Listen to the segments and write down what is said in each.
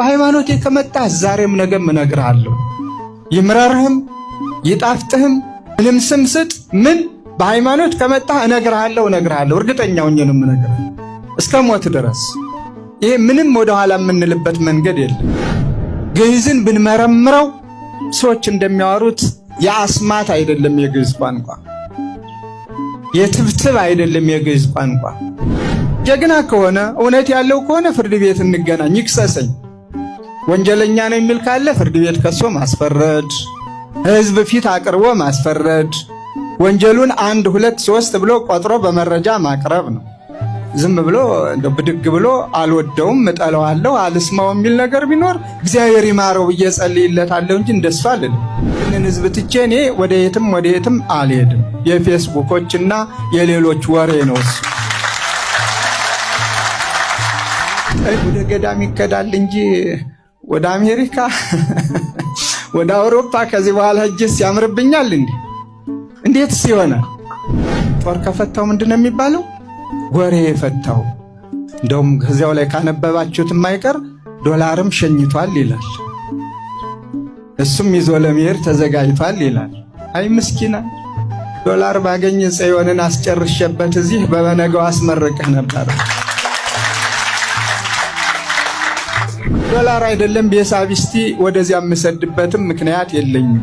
በሃይማኖቴ ከመጣ ዛሬም ነገ እነግርሃለሁ። ይምረርህም ይጣፍጥህም ምንም ስም ስጥ ምን በሃይማኖት ከመጣ እነግርሃለሁ እነግርሃለሁ እርግጠኛው እኔ ነው የምነግርህ እስከ ሞት ድረስ። ይሄ ምንም ወደኋላ የምንልበት መንገድ የለም። ግዕዝን ብንመረምረው ሰዎች እንደሚያወሩት የአስማት አይደለም የግዕዝ ቋንቋ፣ የትብትብ አይደለም የግዕዝ ቋንቋ። ጀግና ከሆነ እውነት ያለው ከሆነ ፍርድ ቤት እንገናኝ፣ ይክሰሰኝ። ወንጀለኛ ነው የሚል ካለ ፍርድ ቤት ከሶ ማስፈረድ፣ ህዝብ ፊት አቅርቦ ማስፈረድ፣ ወንጀሉን አንድ ሁለት ሶስት ብሎ ቆጥሮ በመረጃ ማቅረብ ነው። ዝም ብሎ እንደ ብድግ ብሎ አልወደውም እጠለዋለሁ አልስማው የሚል ነገር ቢኖር እግዚአብሔር ይማረው ብዬ ጸልይለታለሁ እንጂ እንደሱ አልልም። ይህንን ህዝብ ትቼ እኔ ወደ የትም ወደ የትም አልሄድም። የፌስቡኮችና የሌሎች ወሬ ነው እሱ። ወደ ገዳም ይከዳል እንጂ ወደ አሜሪካ፣ ወደ አውሮፓ ከዚህ በኋላ ሂጄስ ያምርብኛል እንዴ? እንዴትስ ሲሆነ ጦር ከፈታው ምንድን ነው የሚባለው? ወሬ የፈታው እንደውም ከዚያው ላይ ካነበባችሁት የማይቀር ዶላርም ሸኝቷል ይላል። እሱም ይዞ ለመሄድ ተዘጋጅቷል ይላል። አይ ምስኪና ዶላር ባገኝ ጽዮንን አስጨርሸበት እዚህ በበነገው አስመርቅህ ነበር። ዶላር አይደለም ቤሳቢስቲ ወደዚያ የምሰድበትም ምክንያት የለኝም።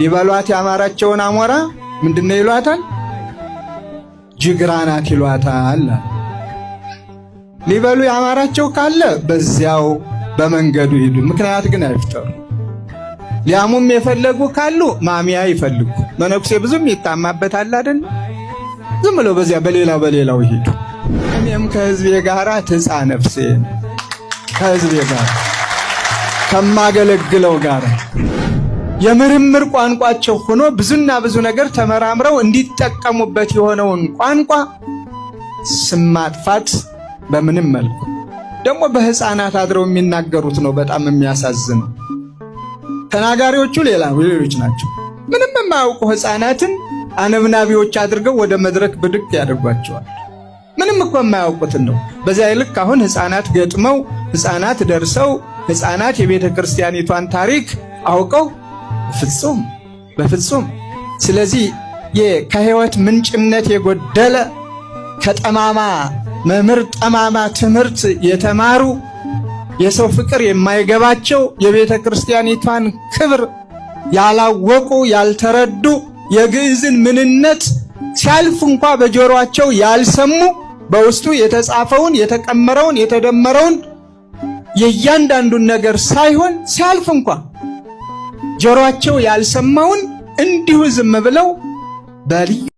ሊበሏት ያማራቸውን አሞራ ምንድነው ይሏታል? ጅግራናት ይሏታል። ሊበሉ ያማራቸው ካለ በዚያው በመንገዱ ሂዱ፣ ምክንያት ግን አይፍጠሩ። ሊያሙም የፈለጉ ካሉ ማሚያ ይፈልጉ። መነኩሴ ብዙም ይታማበታል አይደል? ዝም ብሎ በዚያ በሌላው በሌላው ይሄዱ። እኔም ከህዝቤ ጋራ ትጻ ነፍሴ ከህዝቤ ጋር ከማገለግለው ጋር የምርምር ቋንቋቸው ሆኖ ብዙና ብዙ ነገር ተመራምረው እንዲጠቀሙበት የሆነውን ቋንቋ ስም ማጥፋት በምንም መልኩ ደግሞ በህፃናት አድረው የሚናገሩት ነው። በጣም የሚያሳዝን ተናጋሪዎቹ ሌላ ሌሎች ናቸው። ምንም የማያውቁ ህፃናትን አነብናቢዎች አድርገው ወደ መድረክ ብድግ ያደርጓቸዋል። ምንም እኮ የማያውቁትን ነው። በዚያ ይልክ አሁን ሕፃናት ገጥመው ሕፃናት ደርሰው ሕፃናት የቤተ ክርስቲያኒቷን ታሪክ አውቀው በፍጹም በፍጹም። ስለዚህ ከህይወት ምንጭነት የጎደለ ከጠማማ መምህር ጠማማ ትምህርት የተማሩ የሰው ፍቅር የማይገባቸው የቤተ ክርስቲያኒቷን ክብር ያላወቁ ያልተረዱ የግዕዝን ምንነት ሲያልፍ እንኳ በጆሮአቸው ያልሰሙ በውስጡ የተጻፈውን የተቀመረውን የተደመረውን የእያንዳንዱን ነገር ሳይሆን ሲያልፍ እንኳ ጆሮአቸው ያልሰማውን እንዲሁ ዝም ብለው በልዩ